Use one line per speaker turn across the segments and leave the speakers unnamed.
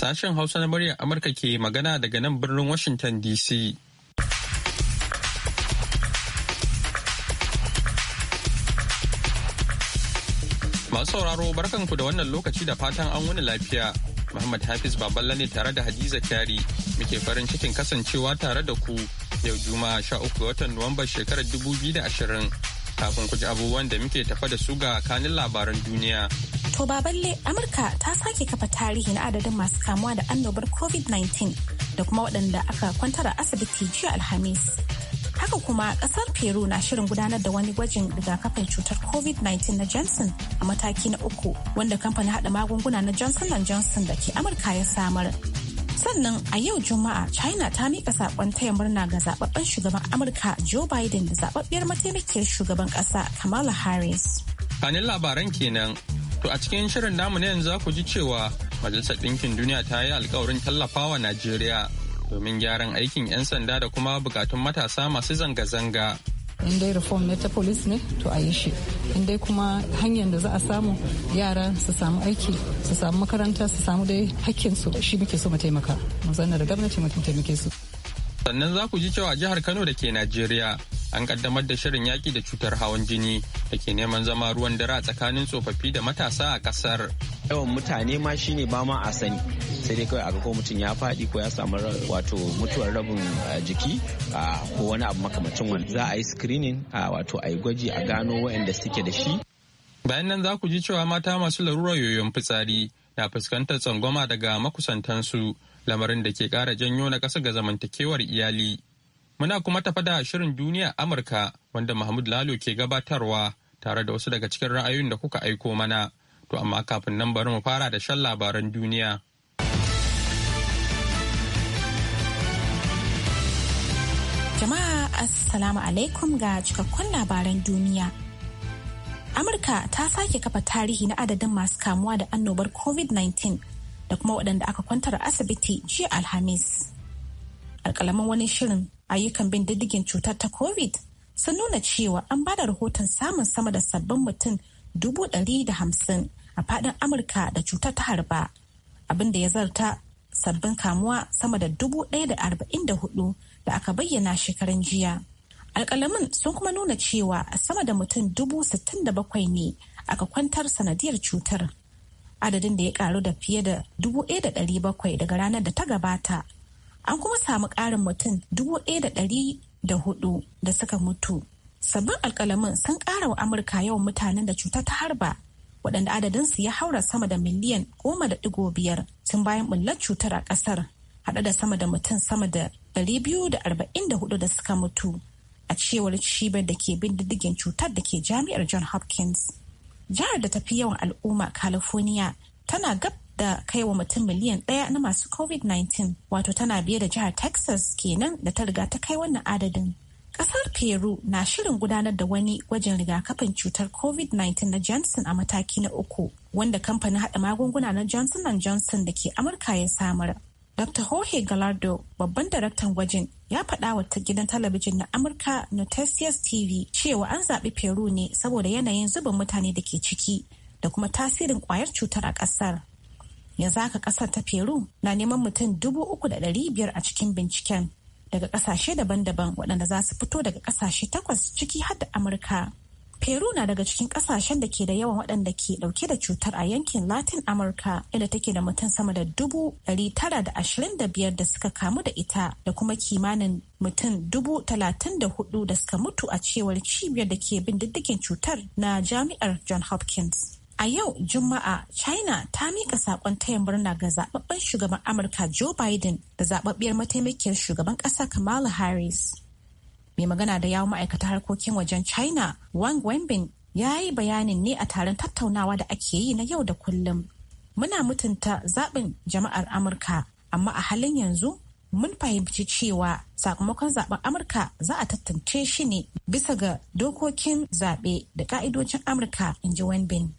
Sashen Hausa na muryar Amurka ke magana daga nan birnin Washington DC. Masu sauraro barkanku da wannan lokaci da fatan an wani lafiya. Muhammad Hafiz Baballa ne tare da Hadiza Kyari muke farin cikin kasancewa tare da ku yau Juma'a 13 watan nuwamba shekarar 2020. Kafin ku ji abubuwan da muke tafa da su ga kanin labaran duniya.
To ba balle Amurka ta sake kafa tarihi na adadin masu kamuwa da annobar COVID-19 da kuma waɗanda aka kwantar a asibiti jiya Alhamis. Haka kuma ƙasar Peru na shirin gudanar da wani gwajin rigakafin cutar COVID-19 na Johnson a mataki na uku wanda kamfanin haɗa magunguna na Johnson Johnson da ke Amurka ya samar. sannan a yau juma'a china ta miƙa saƙon taya murna ga zababben shugaban amurka joe biden da zababbiyar mataimakiyar shugaban ƙasa kamala harris
kanin labaran kenan To a cikin shirin namu na yanzu ku ji cewa Majalisar Ɗinkin Duniya ta yi alkawarin tallafawa Najeriya domin gyaran aikin 'yan sanda da kuma bukatun matasa masu zanga-zanga.
in dai reform ne ta police ne to a yi shi in dai kuma hanyar da za a samu yara su samu aiki su samu makaranta su samu dai hakkinsu shi muke so mu taimaka mu zanna da gwamnati mu taimake su
sannan za ku ji cewa jihar kano da ke najeriya an kaddamar da shirin yaki da cutar hawan jini da ke neman zama ruwan dare a tsakanin tsofaffi da matasa a kasar.
Yawan mutane ma shine ba ma a sani sai dai kawai aka ko mutum ya faɗi ko ya samu wato mutuwar rabin ah, jiki ah, ko wani abu makamacin wani za a yi screening ah, wato a yi gwaji a gano waɗanda suke da shi.
Bayan nan za ku ji cewa mata masu larurar yoyon fitsari na fuskantar tsangwama daga makusantansu lamarin da ke ƙara janyo na kasa ga zamantakewar iyali. Muna kuma tafa da shirin duniya Amurka wanda Mahmud Lalo ke gabatarwa tare da wasu daga cikin ra'ayoyin da kuka aiko mana. To amma kafin nan bari mu fara da shan labaran duniya.
Jama'a Assalamu alaikum ga cikakkun labaran duniya. Amurka ta sake kafa tarihi na adadin masu kamuwa da annobar COVID-19 da kuma waɗanda aka kwantar asibiti jiya Alhamis. Alƙalaman wani shirin ayyukan bin diddigin cutar ta covid sun nuna cewa an bada rahoton samun sama da sabbin mutum dubu ɗari da hamsin a faɗin amurka da cutar ta harba abin da ya zarta sabbin kamuwa sama da dubu ɗaya da arba'in da hudu da aka bayyana shekaran jiya alƙalamin sun kuma nuna cewa sama da mutum dubu sittin da bakwai ne aka kwantar sanadiyar cutar adadin da ya karu da fiye da dubu ɗaya da ɗari bakwai daga ranar da ta gabata An kuma samu ƙarin mutum dubu da ɗari da hudu da suka mutu. Sabbin alkalamin sun ƙara wa Amurka yawan mutanen da cuta ta harba waɗanda adadinsu ya haura sama da miliyan goma da ɗigo biyar tun bayan ɓullar cutar a ƙasar haɗe da sama da mutum sama da ɗari biyu da arba'in da hudu da suka mutu a cewar cibiyar da ke bin diddigin cutar da ke jami'ar John Hopkins. Jihar da tafi yawan al'umma California tana gab da kai wa mutum miliyan ɗaya na masu covid-19 wato tana biye da jihar texas kenan da ta riga ta kai wannan adadin Ƙasar Peru na shirin gudanar da wani gwajin rigakafin cutar COVID-19 na Johnson a mataki na uku, wanda kamfanin haɗa magunguna na Johnson Johnson da ke Amurka ya samar. Dr. Jorge Gallardo, babban daraktan gwajin, ya faɗa wa gidan talabijin na Amurka Noticias TV cewa an zaɓi Peru ne saboda yanayin zubin mutane da ke ciki da kuma tasirin ƙwayar cutar a ƙasar. yanzu haka kasar ta peru na neman mutum dubu uku da ɗari biyar a cikin binciken daga kasashe daban-daban waɗanda za su fito daga kasashe takwas ciki har da amurka peru na daga cikin kasashen da ke da yawan waɗanda ke ɗauke da cutar a yankin latin amurka inda take da mutum sama da dubu ɗari tara da ashirin da biyar da suka kamu da ita da kuma kimanin mutum dubu talatin da hudu da suka mutu a cewar cibiyar da ke bin diddigin cutar na jami'ar john hopkins A yau Juma'a China ta mika sakon tayin murna ga zababben shugaban Amurka Joe Biden da zababbiyar mataimakiyar shugaban ƙasa Kamala Harris. Mai magana da yawon ma'aikata harkokin wajen China Wang Wenbin ya yi bayanin ne a taron tattaunawa da ake yi na yau da kullum. Muna mutunta zaɓin jama'ar Amurka, amma a halin yanzu mun fahimci cewa sakamakon zaben Amurka za a tattance shi ne bisa ga dokokin zaɓe da ka'idocin Amurka, in ji Wenbin.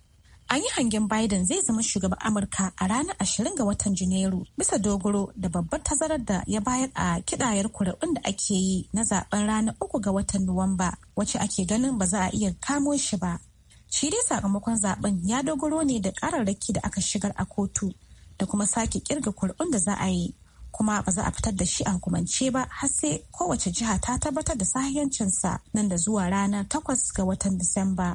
An yi hangen Biden zai zama shugaban Amurka a ranar 20 ga watan Janairu bisa dogaro da babbar tazarar da ya bayar a kidayar kuri'un da ake yi na zaben ranar uku ga watan Nuwamba wacce ake ganin ba za a iya kamo shi ba. Shi dai sakamakon zaben ya dogaro ne da kararraki da aka shigar a kotu da kuma sake kirga kuri'un da za a yi kuma ba za a fitar da shi a hukumance ba har sai kowace jiha ta tabbatar da sahihancinsa nan da zuwa ranar 8 ga watan Disamba.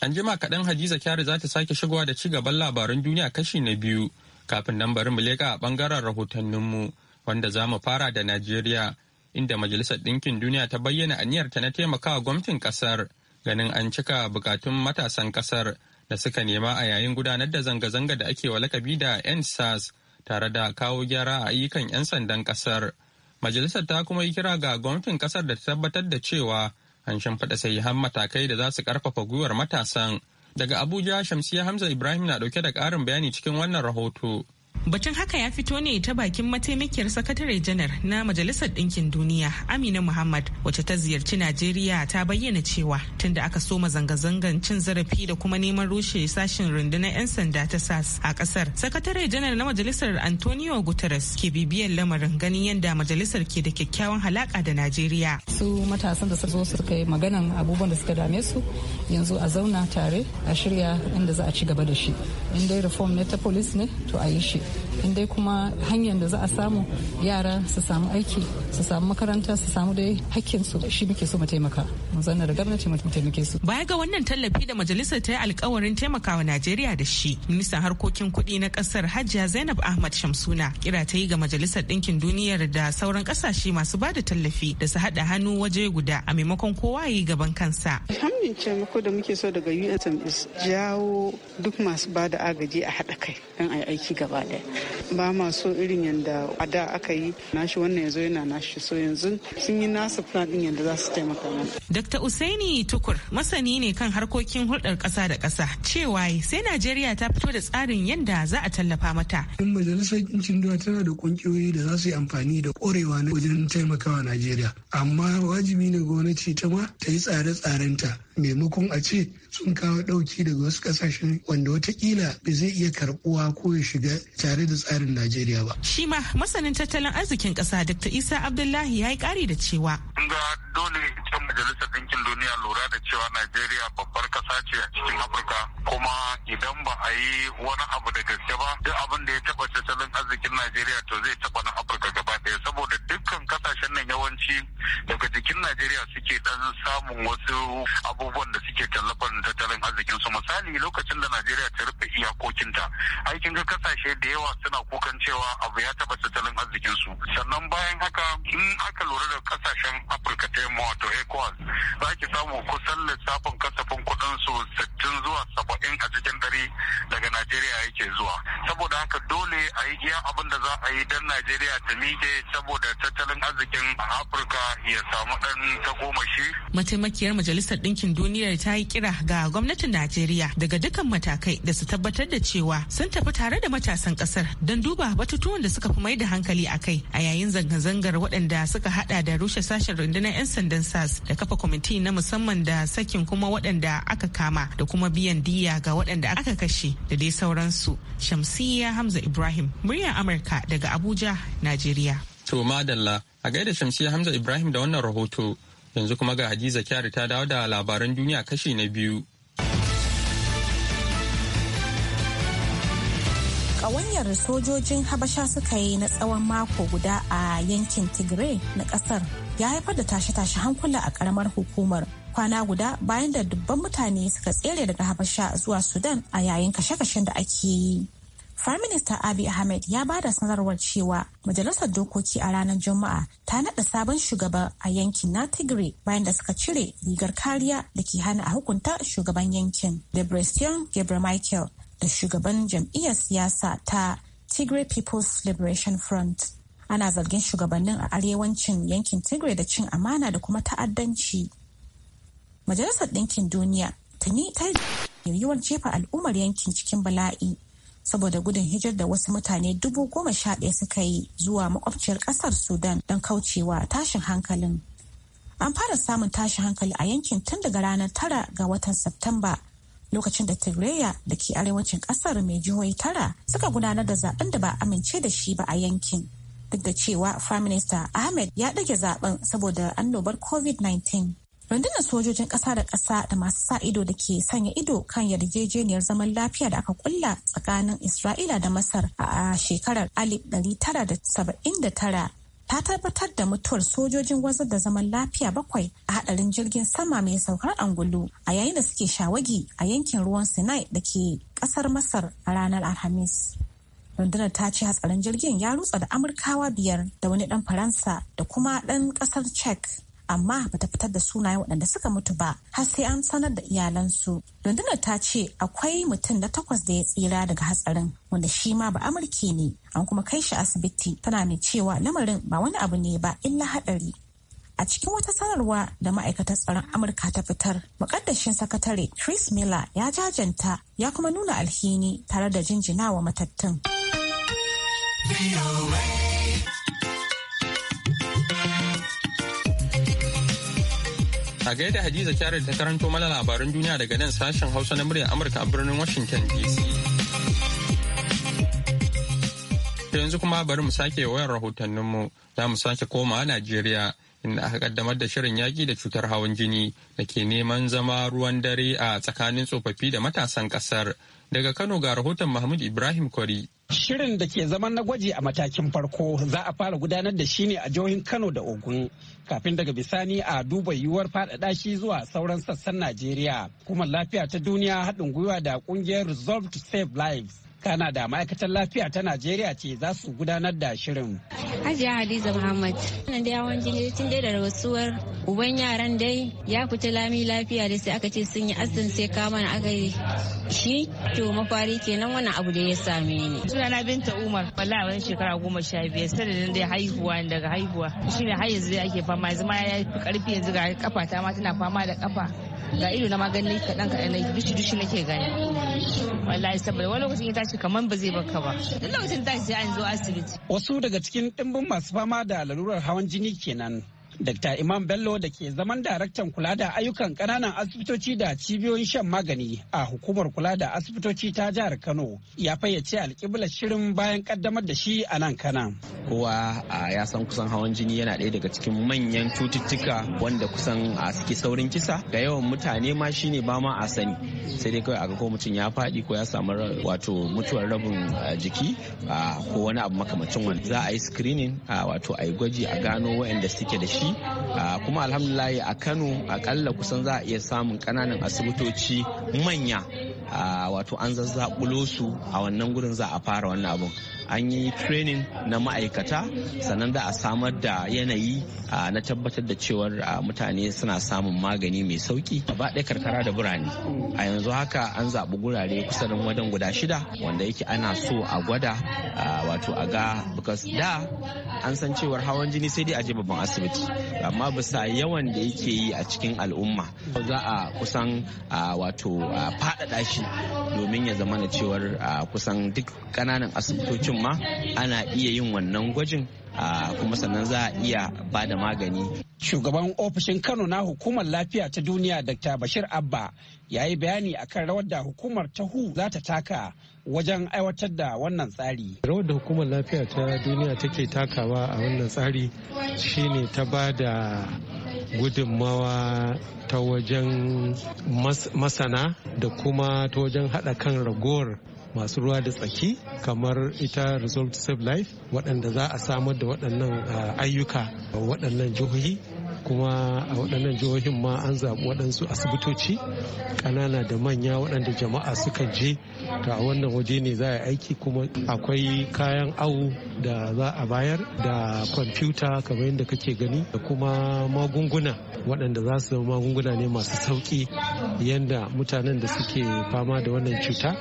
An jima kaɗan Hadiza Kyari za ta sake shigowa da ci gaban labaran duniya kashi na biyu kafin nan bari mu leƙa a ɓangaren rahotanninmu wanda za mu fara da Najeriya inda Majalisar Ɗinkin Duniya ta bayyana aniyarta na taimakawa gwamnatin ƙasar ganin an cika bukatun matasan ƙasar da suka nema a yayin gudanar da zanga-zanga da ake wa lakabi da NSAS tare da kawo gyara a ayyukan 'yan sandan ƙasar. Majalisar ta kuma yi kira ga gwamnatin ƙasar da ta tabbatar da cewa an sai sahihan matakai da za su ƙarfafa gwiwar matasan daga abuja shamsiya hamza ibrahim na ɗauke da ƙarin bayani cikin wannan rahoto
Batun haka ya fito ne ta bakin mataimakiyar sakatare janar na Majalisar Ɗinkin Duniya Amina Muhammad wacce ta ziyarci Najeriya ta bayyana cewa tunda aka soma zanga-zangan cin zarafi da kuma neman rushe sashin rundunar 'yan sanda ta SAS a ƙasar. Sakatare janar na Majalisar Antonio Guterres ke bibiyar lamarin ganin yadda majalisar ke da kyakkyawan halaka da Najeriya. Su matasan da suka zo suka yi maganan abubuwan da suka dame su yanzu a zauna tare a shirya inda za a ci gaba da shi. In dai reform ne ta police ne to a yi shi. in dai kuma hanyar da za a samu yara su samu aiki su samu makaranta su samu dai hakkin su shi muke so mu taimaka mu zanna da gwamnati mu taimake su baya ga wannan tallafi da majalisar ta yi alkawarin taimakawa Najeriya da shi ministan harkokin kuɗi na kasar Hajiya Zainab Ahmad Shamsuna kira ta yi ga majalisar ɗinkin duniyar da sauran kasashe masu ba da tallafi da su haɗa hannu waje guda a maimakon kowa yi gaban kansa
hannun taimako da muke so daga USMS jawo duk masu ba da agaji a haɗa kai don a yi aiki gaba da ne ba ma irin yadda a da aka yi nashi wannan yanzu yana nashi so yanzu sun yi nasu plan yadda za su taimaka mana
Dr. Usaini Tukur masani ne kan harkokin hulɗar ƙasa da ƙasa cewa sai Najeriya ta fito da tsarin yadda za a tallafa mata.
In majalisar ɗinkin duniya tana da ƙungiyoyi da za su yi amfani da ƙorewa na wajen taimakawa Najeriya amma wajibi ne gwamnati ta ma ta yi tsare-tsarenta maimakon a ce sun kawo ɗauki daga wasu ƙasashen wanda watakila ba zai iya karɓuwa ko ya shiga tare da tsarin Najeriya ba.
Shi ma masanin tattalin arzikin ƙasa Dr. Isa Abdullahi ya yi ƙari da cewa.
Ga dole ita majalisar ɗinkin duniya lura da cewa Najeriya babbar ƙasa ce a cikin Afirka kuma idan ba a yi wani abu da gaske ba duk abin da ya taba tattalin arzikin najeriya to zai taba na afirka gaba ɗaya saboda dukkan kasashen nan yawanci daga jikin najeriya suke dan samun wasu abubuwan da suke tallafan tattalin arzikin su misali lokacin da najeriya ta rufe iyakokinta aikin ga kasashe da yawa suna kukan cewa abu ya taba tattalin arzikin su sannan bayan haka in aka lura da kasashen afirka ta yamma wato ecowas za ki samu kusan lissafin kasafin kuɗin su 60 zuwa 70 kuɗin a cikin dare daga Najeriya yake zuwa. Saboda haka dole a yi iya abin da za a yi don Najeriya ta miƙe saboda tattalin arzikin Afirka ya samu ɗan takomashi.
Mataimakiyar Majalisar Ɗinkin Duniyar ta yi kira ga gwamnatin Najeriya daga dukkan matakai da su tabbatar da cewa sun tafi tare da matasan ƙasar don duba batutuwan da suka fi mai da hankali a kai a yayin zanga-zangar waɗanda suka haɗa da rushe sashen rundunar 'yan sandan SAS da kafa kwamiti na musamman da sakin kuma waɗanda aka kama da kuma biyan diya ta'aziyya ga waɗanda aka kashe da dai sauransu shamsiyya hamza ibrahim muryar amurka daga abuja najeriya
to madalla a gaida shamsiya hamza ibrahim da wannan rahoto yanzu kuma ga hadiza kyari ta dawo da labaran duniya kashi na biyu
ƙawanyar sojojin habasha suka yi na tsawon mako guda a yankin tigray na ƙasar ya haifar da tashe-tashe hankula a ƙaramar hukumar kwana guda bayan da dubban mutane suka tsere daga habasha zuwa sudan a yayin kashe-kashen da ake yi Prime Minister Abiy Ahmed ya ba da sanarwar cewa Majalisar Dokoki a ranar Juma'a ta naɗa sabon shugaba a yankin na Tigray bayan da suka cire rigar kariya da ke hana a hukunta shugaban yankin Debretsion Gebremichael da shugaban jam'iyyar siyasa ta Tigray People's Liberation Front. Ana zargin shugabannin a arewacin yankin Tigray da cin amana da kuma ta'addanci Majalisar Ɗinkin Duniya tuni ta yiwuwar jefa al'ummar yankin cikin bala'i saboda gudun hijir da wasu mutane dubu goma sha ɗaya suka yi zuwa makwabciyar ƙasar Sudan don kaucewa tashin hankalin. An fara samun tashin hankali a yankin tun daga ranar tara ga watan Satumba lokacin da Tigraya da ke arewacin ƙasar mai jihohi tara suka gudanar da zaben da ba amince da shi ba a yankin. Duk da cewa Prime Minister Ahmed ya ɗage zaben saboda annobar COVID-19. rundunar sojojin ƙasa da ƙasa da masu sa ido da ke sanya ido kan yarjejeniyar zaman lafiya da aka kulla tsakanin isra'ila da masar a shekarar 1979 ta tabbatar da mutuwar sojojin wazar da zaman lafiya bakwai a hadarin jirgin sama mai saukar angulu a yayin da suke shawagi a yankin ruwan sinai da ke ƙasar masar a ranar alhamis rundunar ta ce hatsarin jirgin ya rutsa da amurkawa biyar da wani dan faransa da kuma dan ƙasar czech amma bata fitar da sunayen waɗanda suka mutu ba har sai an sanar da iyalansu. Rundunar ta ce akwai mutum na takwas da ya tsira daga hatsarin wanda shi ma ba amurki ne an kuma kai shi asibiti tana mai cewa lamarin ba wani abu ne ba illa haɗari. A cikin wata sanarwa da ma'aikatar tsaron Amurka ta fitar, makaddashin sakatare Chris Miller ya jajanta ya kuma nuna alhini tare da jinjinawa matattun.
A gaida Hadiza Kyari ta karanto mana labaran duniya daga nan sashen Hausa na muryar Amurka a birnin Washington DC. Yanzu kuma bari mu sake wayar rahotanninmu za mu sake koma Najeriya. inda aka kaddamar da shirin yaƙi da cutar hawan jini da ke neman zama ruwan dare a tsakanin tsofaffi da matasan ƙasar. Daga Kano ga rahoton Mahmud Ibrahim Kwari.
Shirin da ke zaman na gwaji a matakin farko za a fara gudanar da shi ne a jihohin Kano da Ogun kafin daga bisani a duba yiwuwar faɗaɗa shi zuwa sauran sassan Najeriya. kuma lafiya ta duniya haɗin gwiwa da ƙungiyar Resolve to Save Lives kana da ma'aikatar lafiya ta najeriya ce za su gudanar da shirin
hajiya hadiza muhammad wannan da yawan jini tun dai da rasuwar uban yaran dai ya fita lami lafiya da sai aka ce sun yi asin sai kama na aka yi shi to mafari kenan wannan abu da ya same ni sunana binta umar wallahi wani shekara goma sha biyar sanadin dai haihuwa daga haihuwa shine har yanzu ake fama yanzu ma ya fi karfi yanzu ga kafa ta ma tana fama da kafa ga ido na magani kaɗan kaɗan na dushi dushi nake gani wallahi saboda wani lokacin ya tashi kamar ba zai baka ba duk lokacin tashi sai an zo asibiti wasu daga cikin
ɗimbin masu fama da lalurar hawan jini kenan Dr. Imam Bello da ke zaman daraktan kula da ayyukan ƙananan asibitoci da cibiyoyin shan magani a hukumar kula da asibitoci ta jihar Kano ya fayyace alƙiblar shirin bayan kaddamar da shi a nan Kana.
Kowa ya san kusan hawan jini yana ɗaya daga cikin manyan cututtuka wanda kusan a suke saurin kisa ga yawan mutane ma shine ba ma a sani sai dai kawai a ga ko mutum ya faɗi ko ya samu wato mutuwar rabin jiki ko wani abu makamacin wani za a yi screening wato a yi gwaji a gano waɗanda suke da shi kuma alhamdulahi a kano akalla kusan za a iya samun kananan asibitoci manya wato an zazzabulo su a wannan gurin za a fara wannan abun an yi training na ma'aikata sannan da a samar da yanayi na tabbatar da cewar mutane suna samun magani mai sauki ba ɗaya karkara da birane a yanzu haka an zaɓi gurare kusan wajen guda shida wanda yake ana so a gwada wato a ga because da an san cewar hawan jini sai dai a je babban asibiti amma bisa yawan da yake yi a cikin al'umma za a kusan wato faɗaɗa shi domin ya zama na cewar kusan duk ƙananan asibitocin kuma ma ana iya yin wannan gwajin
kuma sannan za a iya ba da magani. Shugaban ofishin Kano na hukumar lafiya ta duniya Dr. Bashir Abba ya yi bayani akan rawar da hukumar ta hu za ta taka wajen aiwatar da wannan tsari. Rawar da hukumar lafiya ta duniya take takawa a wannan tsari shine ta ba da gudunmawa ta wajen masana da kuma ta wajen haɗa kan ragowar masu ruwa da tsaki kamar ita result save life waɗanda za a samar da waɗannan ah, ayyuka a waɗannan jihohi kuma a waɗannan jihohin ma an zaɓi waɗansu asibitoci ƙanana da manya waɗanda jama'a suka je to a wannan waje ne za a aiki kuma akwai kayan awu da za a bayar da kwamfuta kamar yadda kake gani da kuma magunguna waɗanda za su zama magunguna ne masu sauƙi yadda mutanen da suke fama da wannan cuta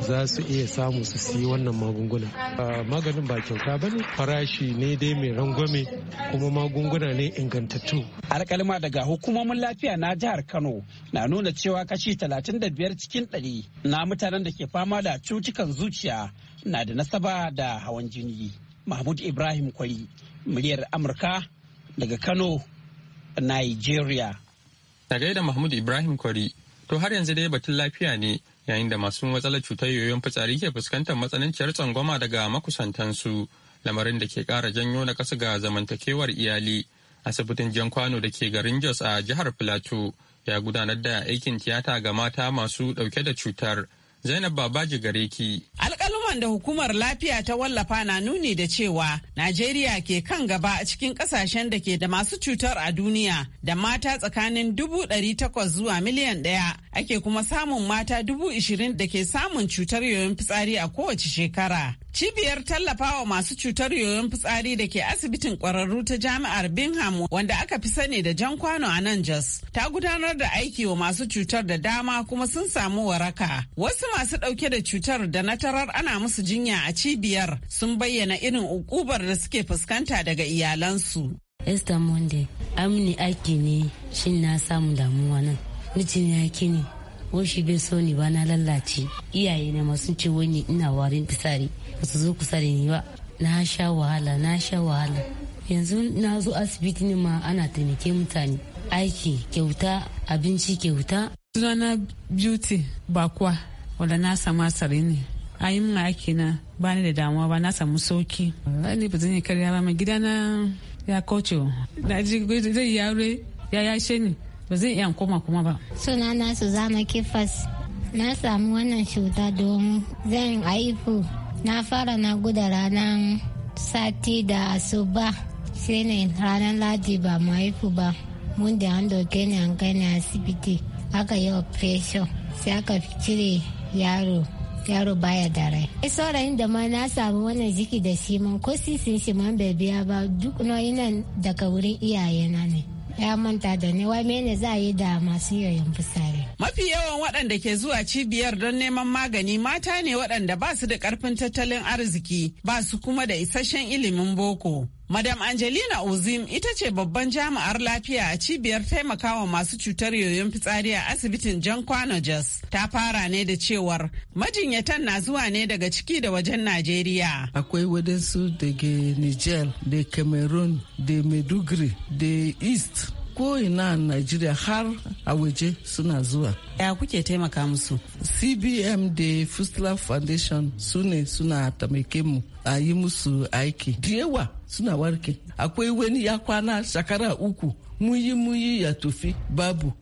za su iya samu su siyi wannan magunguna maganin ba kyauta ba ne farashi ne dai mai rangwame kuma magunguna ne ingantattu alkalma daga hukumomin lafiya na jihar kano na nuna cewa kashi 35 cikin 100 na mutanen da ke fama da cutukan zuciya na da nasaba da hawan jini mahmud ibrahim kwari muryar amurka daga kano nigeria
gaida Mahmud Ibrahim Kwari. To har yanzu dai batun lafiya ne yayin da masu matsalar cutar yoyon fitsari ke fuskantar matsananciyar tsangwama daga makusantansu lamarin da ke kara janyo na kasa ga zamantakewar iyali asibitin jan kwano da ke garin jos a jihar filato ya gudanar da aikin tiyata ga mata masu dauke da cutar zainab babaji gareki. ki
Rahoton da hukumar lafiya ta wallafa na nuni da cewa Najeriya ke kan gaba a cikin kasashen da ke da masu cutar a duniya da mata tsakanin dubu ɗari takwas zuwa miliyan ɗaya ake kuma samun mata dubu ishirin da ke samun cutar yoyon fitsari a kowace shekara. Cibiyar tallafawa masu cutar yoyon fitsari da ke asibitin kwararru ta jami'ar Bingham wanda aka fi sani da jan kwano a nan Jos ta gudanar da aiki wa masu cutar da dama kuma sun samu waraka. Wasu masu ɗauke da cutar da na tarar ana musu jinya a cibiyar sun bayyana irin ukubar da suke fuskanta daga iyalansu.
Esther Monday, amini aiki ne shin na samu damuwa nan. Mijin ya kini ko shi bai so ni ba na lallace iyaye na ma sun ce wani ina warin fisari ba su zo kusa da ni ba na sha wahala na sha wahala yanzu na zo asibiti ne ma ana taimake mutane aiki
kyauta abinci kyauta sunana beauty bakwa wala na sama tsari ne a yi aiki na ba ni da damuwa ba na samu sauki ni ba zan yi karya ba mai gida ya kauce na ji zai yare ya yashe ni ba zai iya
koma kuma ba. Suna na su zama kifas. Na samu wannan cuta domin zan haihu. Na fara na guda ranar sati da asuba. Sai ne ranar ladi ba mu haifu ba. Mun da an doke ne an kai ne asibiti. Aka yi operation. Sai aka cire yaro. yaro baya da rai. saurayin da ma na samu wannan jiki da shi man ko sisin shi man bai biya ba duk nan daga wurin iyayena ne. ya manta da ne wai mene za a yi da masu yoyin fitsari.
Mafi yawan waɗanda ke zuwa cibiyar don neman magani mata ne waɗanda ba su da ƙarfin tattalin arziki ba su kuma da isasshen ilimin boko. Madam Angelina Ozim ita ce babban jami'ar lafiya a cibiyar taimakawa masu cutar yoyon fitsari a asibitin Jan Kwano Ta fara ne da cewar majinyatan na zuwa ne daga ciki da wajen Najeriya. Akwai wadansu daga Niger, da Cameroon, da Maiduguri, da East, ko'ina a Najeriya har a waje suna zuwa. Ya kuke taimaka musu? CBM da Fustula Foundation su ne suna taimake mu a yi musu aiki. Da yawa suna warke. Akwai wani ya kwana shekara uku muyi muyi ya tufi babu.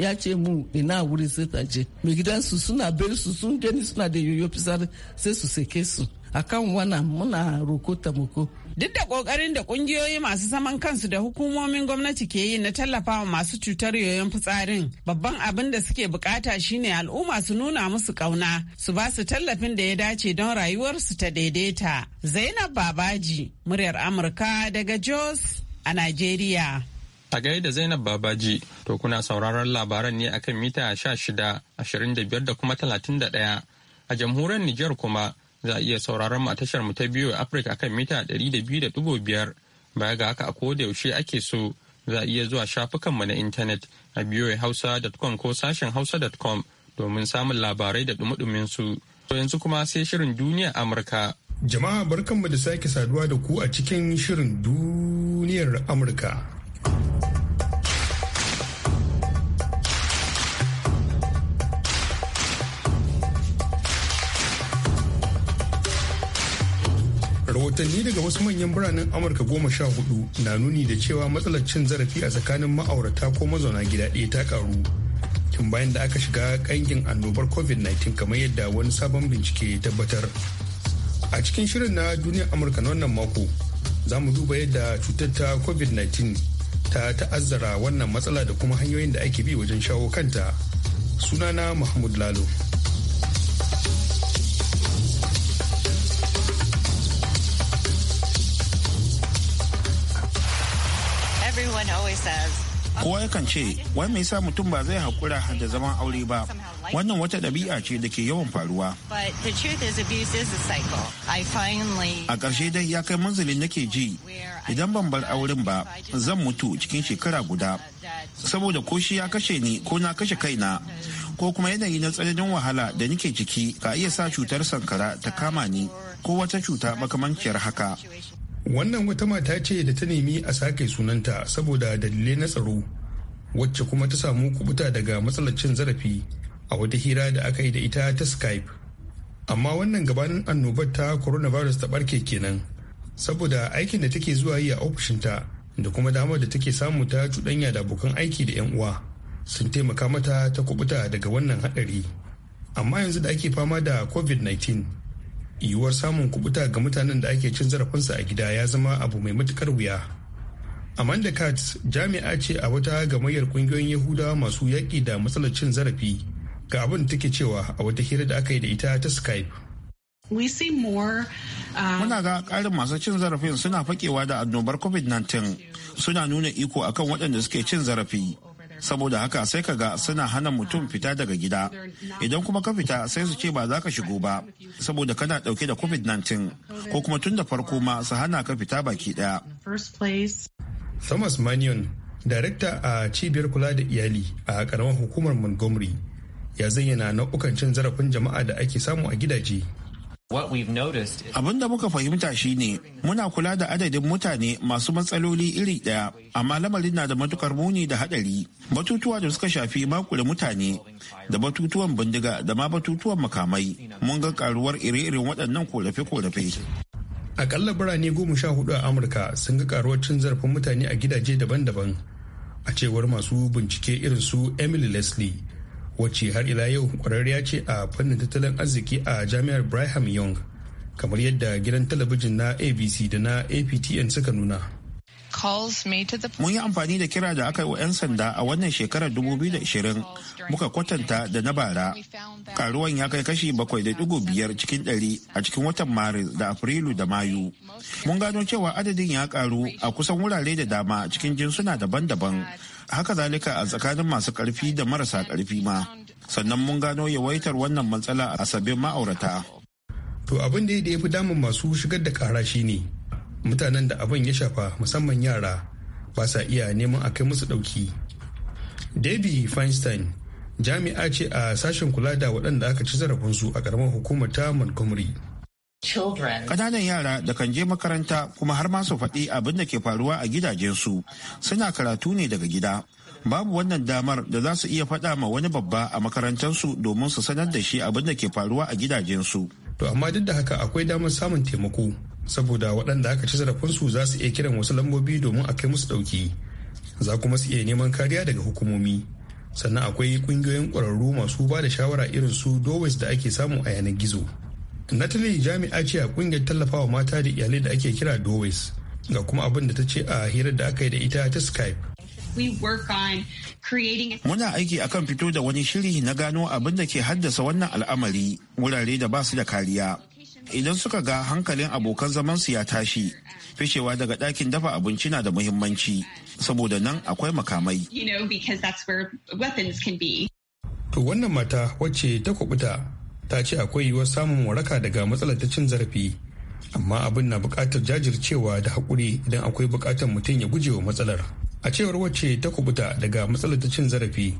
ya ce mu ina wuri sai ta je. Mai gidansu suna bari su sun gani suna da yoyo fisari sai su seke su. Akan wana muna roko tamako Duk da kokarin da kungiyoyi masu zaman kansu da hukumomin gwamnati ke yi na tallafawa masu cutar yoyon fitsarin, babban abin da suke bukata shine al'umma su nuna musu kauna su ba su tallafin da ya dace don rayuwarsu ta daidaita. Zainab Babaji, muryar Amurka daga Jos a Najeriya.
A gaida Zainab Babaji, to kuna sauraron labaran ne akan mita 16, 25 da kuma 31 a jamhuriyar Nijar kuma Za a iya sauraron mu a tashar mu ta biyu Afirka kan mita ɗari da biyar baya ga haka a koda yaushe ake so za a iya zuwa shafukan mu na intanet a biyoyahausa.com ko sashen hausa.com domin samun labarai da dumudumin su. To yanzu kuma sai shirin duniya Amurka.
Jama'a barkanmu da sake saduwa da ku a cikin shirin duniyar Amurka. rahotanni daga wasu manyan biranen amurka goma sha hudu na nuni da cewa matsalar cin zarafi a tsakanin ma'aurata ko mazauna gida ɗaya ta karu tun bayan da aka shiga kangin annobar covid-19 kamar yadda wani sabon bincike ya tabbatar a cikin shirin na duniyar amurka na wannan mako za mu duba yadda cutar ta covid-19 ta ta'azzara wannan matsala da kuma hanyoyin da ake bi wajen shawo kanta sunana mahmud lalo
kowa yakan ce wai mai sa mutum ba zai haƙura da zaman aure ba wannan wata ɗabi'a ce da ke yawan faruwa a ƙarshe dai ya kai manzilin nake ji idan ban bar auren ba zan mutu cikin shekara guda saboda ko shi ya kashe ni ko na kashe kaina ko kuma yanayi na tsananin wahala da nike ciki ka iya sa cutar sankara ta kama ni ko wata cuta makamanciyar haka
wannan wata mata ce da ta nemi a sake sunanta saboda dalilai na tsaro wacce kuma ta samu kubuta daga matsalar zarafi a wata hira da aka yi da ita ta skype amma wannan gabanin annobar ta coronavirus ta barke kenan saboda aikin da take zuwa yi a ofishinta da kuma damar da take samu ta cuɗanya da abokan aiki da 'yan uwa sun taimaka mata ta kubuta daga wannan haɗari amma yanzu da ake fama da covid-19 yiwuwar samun kubuta ga mutanen da ake cin zarafinsa a gida ya zama abu mai matukar wuya amanda katz jami'a ce a wata gamayyar kungiyoyin yahudawa masu yaƙi da matsalar cin zarafi ga abin da take cewa a wata hira da aka yi da ita ta skype
uh, Muna ga ƙarin masu
cin zarafin suna fakewa
da annobar COVID-19 suna nuna iko akan waɗanda suke cin zarafi. saboda haka sai ka ga suna hana mutum fita daga gida idan kuma ka fita sai su ce ba za ka shigo ba saboda kana dauke da covid-19 ko kuma tun da farko ma su hana ka fita baki daya
thomas manion darekta a cibiyar kula da iyali a karamar hukumar montgomery ya zayyana nau'ukan cin zarafin jama'a da ake samu a gidaje
Abin
da muka fahimta shi ne muna kula da adadin
mutane masu matsaloli iri ɗaya, amma lamarin na da matukar muni da haɗari. Batutuwa da suka shafi maku mutane, da batutuwan bindiga da ma batutuwan makamai, mun ga karuwar ire-iren waɗannan korafe-korafe.
Akalla birane goma sha hudu a Amurka sun ga karuwar cin zarafin mutane a gidaje daban-daban. A cewar masu bincike irin su Emily Leslie, wacce har ila yau kwararriya ce a fannin tattalin arziki a jami'ar Brigham Young kamar yadda gidan talabijin na ABC da na APTN suka nuna. Mun yi amfani da kira da aka yi wa 'yan sanda a wannan shekarar
2020 muka kwatanta da na bara. Karuwan ya kai kashi 7.5 cikin 100 a cikin watan Maris da Afrilu da Mayu. Mun gano cewa adadin ya karu a kusan wurare da dama cikin jinsuna daban-daban haka zalika a tsakanin masu ƙarfi da marasa ƙarfi ma sannan mun gano yawaitar wannan matsala a sabbin ma'aurata
to abin da ya fi damun masu shigar da kara shi ne mutanen da abin ya shafa musamman yara ba sa iya neman a kai musu ɗauki debbie feinstein jami'a ce a sashen kula da waɗanda aka ci zarafinsu a ƙaramar hukumar ta montgomery
Ƙananan
yara da kan je makaranta kuma har ma su faɗi
abin da ke faruwa a gidajensu suna karatu ne daga gida. Babu wannan damar da za su iya faɗa ma wani babba a makarantarsu domin su sanar da shi abin da ke faruwa a gidajensu.
To amma duk da haka akwai damar samun taimako saboda waɗanda aka ci zarafinsu za su iya kiran wasu lambobi domin a kai musu ɗauki. Za kuma su iya neman kariya daga hukumomi. Sannan akwai ƙungiyoyin ƙwararru masu ba da shawara irin su Dowes da ake samu a yanar gizo. natalie jami'a ce a kungiyar tallafawa mata da iyalai da ake kira doways ga kuma abin da ta ce a hirar da aka yi da ita ta skype
Muna aiki akan fito da wani shiri na gano abin da ke haddasa wannan al'amari wurare da ba su da kariya. Idan suka ga hankalin abokan zamansu ya tashi, fishewa daga ɗakin dafa abinci na da muhimmanci, saboda nan akwai makamai.
To Wannan mata wacce ta kubuta ta ce akwai yiwuwar samun waraka daga matsalar ta cin zarafi amma abin na bukatar jajircewa da haƙuri idan akwai buƙatar mutum ya gujewa matsalar a cewar wacce ta kubuta daga matsalar ta cin zarafi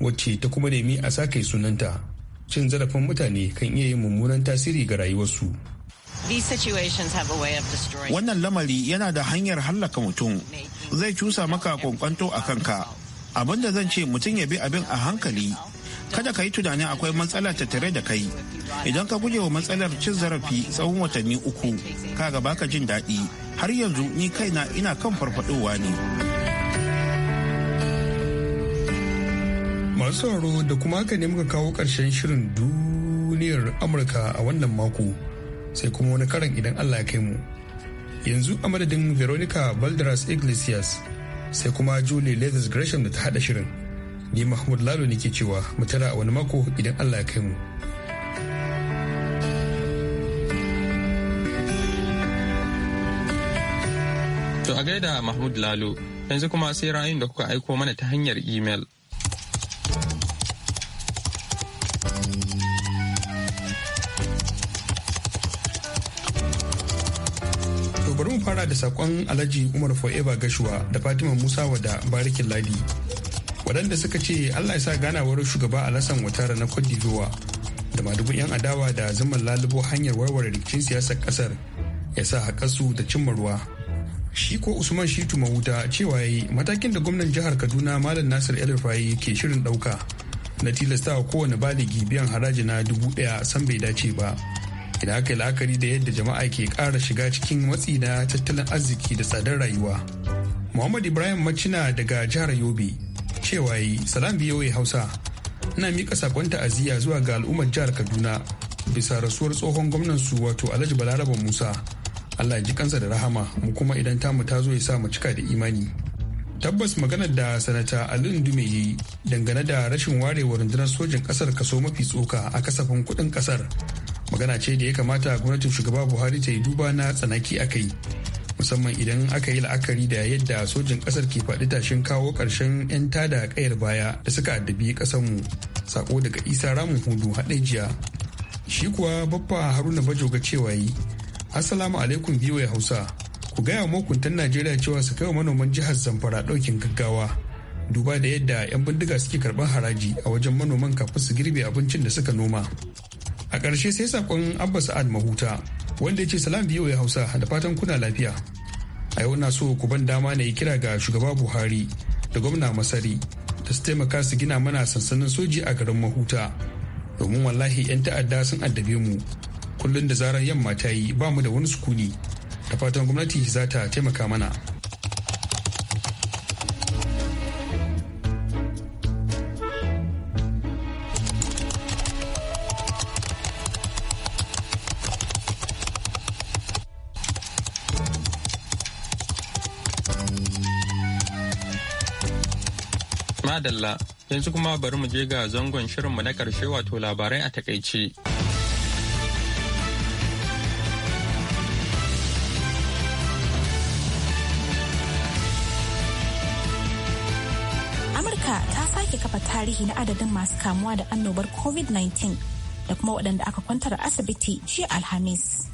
wacce ta kuma nemi a sake sunanta cin zarafin mutane kan iya yin mummunan tasiri ga rayuwarsu wannan lamari yana da
hanyar hallaka mutum zai cusa maka kwankwanto a kanka abin da zan ce mutum ya bi abin a hankali kada ka yi tunanin akwai matsala ta tare da kai idan ka guje wa matsalar cin zarafi tsawon watanni uku ka gaba ka jin daɗi har yanzu ni
kaina ina kan farfadowa ne masu sauraro da kuma haka ne muka kawo ƙarshen shirin duniyar amurka a wannan mako sai kuma wani karan idan allah ya kai mu yanzu a madadin veronica balderas iglesias sai kuma julie leathers gresham da ta hada shirin ni mahmud lalo ne ke cewa mutara a wani mako idan allah ya kai mu
to a gaida mahmud lalo yanzu kuma sai ra'ayin da kuka aiko mana ta hanyar imel.
bari mu fara da saƙon alhaji umar forever gashuwa da fatima musa wa da barikin ladi waɗanda suka ce allah ya sa ganawar shugaba alasan watara na cote d'ivoire da madugun 'yan adawa da zaman lalubo hanyar warware rikicin siyasar ƙasar ya sa haƙasu da cimma ruwa shi ko usman shitu mahuta cewa yi matakin da gwamnan jihar kaduna malam nasir el ke shirin ɗauka na tilastawa kowane baligi biyan haraji na dubu ɗaya san bai dace ba idan aka yi la'akari da yadda jama'a ke ƙara shiga cikin matsi na tattalin arziki da tsadar rayuwa muhammad ibrahim macina daga jihar yobe cewa yi salam voa hausa ina mika sakon ta'aziyya zuwa ga al'ummar jihar kaduna bisa rasuwar tsohon gwamnan su wato alhaji balaraba musa allah ji kansa da rahama mu kuma idan tamu ta zo ya sa mu cika da imani tabbas maganar da sanata ali dume yi dangane da rashin warewa rundunar sojin kasar kaso mafi tsoka a kasafin kudin kasar magana ce da ya kamata gwamnatin shugaba buhari ta yi duba na tsanaki a musamman idan aka yi la'akari da yadda sojin kasar ke faɗi tashin kawo ƙarshen 'yan tada kayar baya da suka addabi mu sako daga isa ramin hudu jiya. shi kuwa babba haruna bajo ga cewa yi assalamu alaikum biyu hausa ku gaya wa mahukuntan najeriya cewa su kai wa manoman jihar zamfara ɗaukin gaggawa duba da yadda 'yan bindiga suke karɓar haraji a wajen manoman kafin su girbe abincin da suka noma a ƙarshe sai sakon abba sa'ad mahuta wanda ya ce salam biyo ya hausa da fatan kuna lafiya a yau na so ku ban dama na yi kira ga shugaba buhari da gwamna masari da su taimaka su gina mana sansanin soji a garin mahuta domin wallahi 'yan ta'adda sun addabe mu kullum da zarar yamma ta yi ba mu da wani sukuni da fatan gwamnati za ta taimaka mana.
madalla yanzu kuma bari mu je ga zangon shirinmu na karshe wato labarai a takaice.
Amurka ta sake kafa tarihi na adadin masu kamuwa da annobar COVID-19 da kuma waɗanda aka kwantar asibiti jiya Alhamis.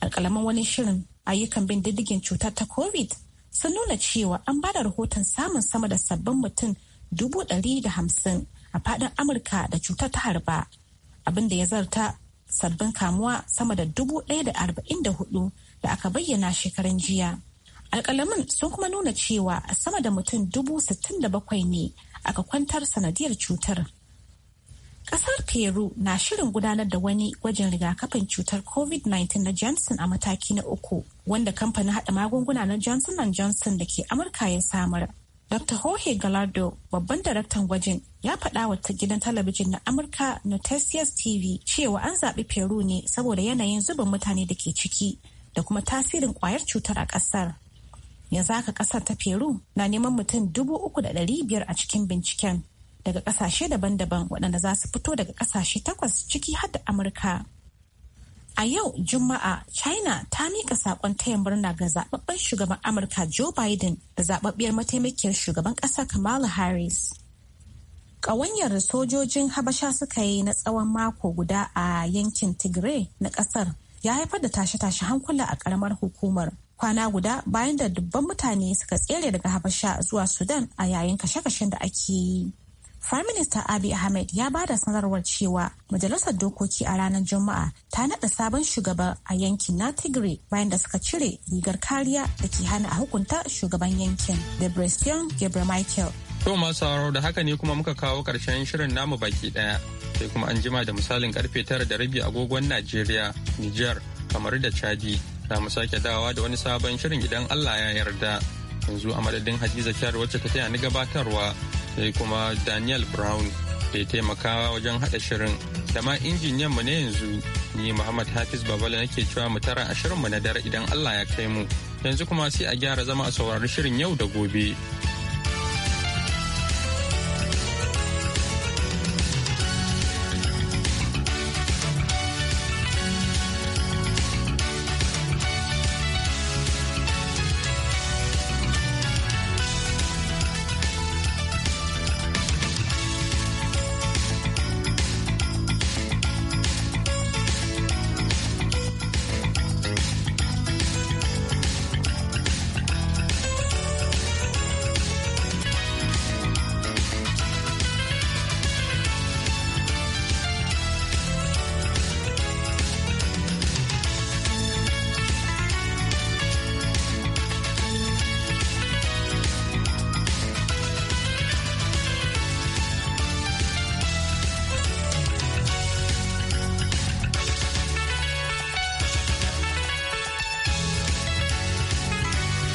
Alƙalaman wani shirin ayyukan bin diddigin cutar ta COVID sun nuna cewa an ba da rahoton samun sama da sabbin mutum dubu ɗari da hamsin a fadin amurka da cutar ta harba abinda ya zarta sabbin kamuwa sama da dubu ɗaya da arba'in da hudu da aka bayyana shekaran jiya alkalamin sun kuma nuna cewa sama da mutum dubu sittin da bakwai ne aka kwantar sanadiyar cutar Kasar Peru na shirin gudanar da wani gwajin rigakafin cutar COVID-19 na Johnson a mataki na uku, wanda kamfanin haɗa magunguna na Johnson Johnson da ke Amurka ya samar. Dr. Jorge Gallardo, babban daraktan gwajin, ya faɗa wa gidan talabijin na Amurka Noticias TV cewa an zaɓi Peru ne saboda yanayin zuba mutane da ke ciki da kuma tasirin ƙwayar cutar a ƙasar. Yanzu haka ƙasar ta Peru na neman mutum dubu uku da ɗari biyar a cikin binciken daga ƙasashe daban-daban waɗanda za su fito daga ƙasashe takwas ciki har da Amurka. A yau Juma'a China ta mika sakon tayin murna ga zababben shugaban Amurka Joe Biden da zababbiyar mataimakiyar shugaban ƙasar Kamala Harris. Ƙawanyar sojojin Habasha suka yi na tsawon mako guda a yankin Tigray na ƙasar ya haifar da tashe-tashe hankula a ƙaramar hukumar. Kwana guda bayan da dubban mutane suka tsere daga Habasha zuwa Sudan a yayin kashe-kashen da ake yi. Prime Minister Abiy Ahmed ya ba da sanarwar cewa Majalisar Dokoki a ranar Juma'a ta naɗa sabon shugaba a yankin na Tigray bayan da suka cire rigar kariya da ke hana a hukunta shugaban yankin da Christian Michael.
To masu sauraro da haka ne kuma muka kawo ƙarshen shirin namu baki ɗaya. Sai kuma an jima da misalin karfe tara da rabi agogon Najeriya, Nijar, kamar da Chadi. Za mu sake dawowa da wani sabon shirin idan Allah ya yarda. Yanzu a madadin Hadiza Kyar wacce ta taya ni gabatarwa sai kuma Daniel Brown da ya taimaka wajen haɗa shirin da ma injiniyan mu ne yanzu ni Muhammad Hafiz Babala nake cewa mu tara a shirin mu na dare idan Allah ya kai mu yanzu kuma sai a gyara zama a saurari shirin yau da gobe.